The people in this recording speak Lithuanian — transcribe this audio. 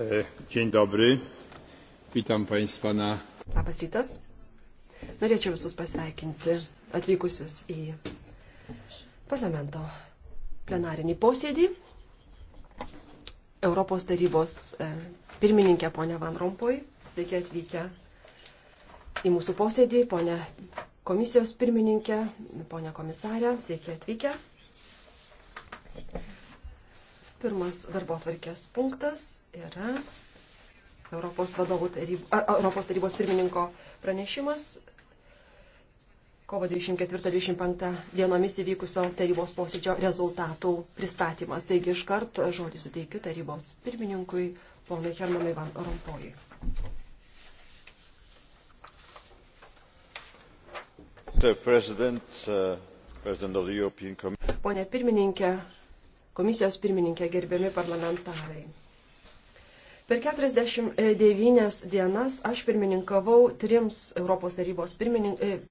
E, dzień dobry. Witam Państwa na. Labas rytas. Norėčiau visus pasveikinti atvykusius į parlamento plenarinį posėdį. Europos tarybos e, pirmininkė ponia Van Rompuy. Sveiki atvykę į mūsų posėdį, ponia komisijos pirmininkė, ponia komisarė. Sveiki atvykę. Pirmas darbo atvarkės punktas yra Europos, taryb, a, Europos tarybos pirmininko pranešimas kovo 24-25 dienomis įvykusio tarybos posėdžio rezultatų pristatymas. Taigi iškart žodį suteikiu tarybos pirmininkui, ponui Hermanui Van Rompojui. President, uh, President Pone pirmininkė, komisijos pirmininkė, gerbiami parlamentarai. Per 49 dienas aš pirmininkavau trims Europos tarybos pirmininkai e,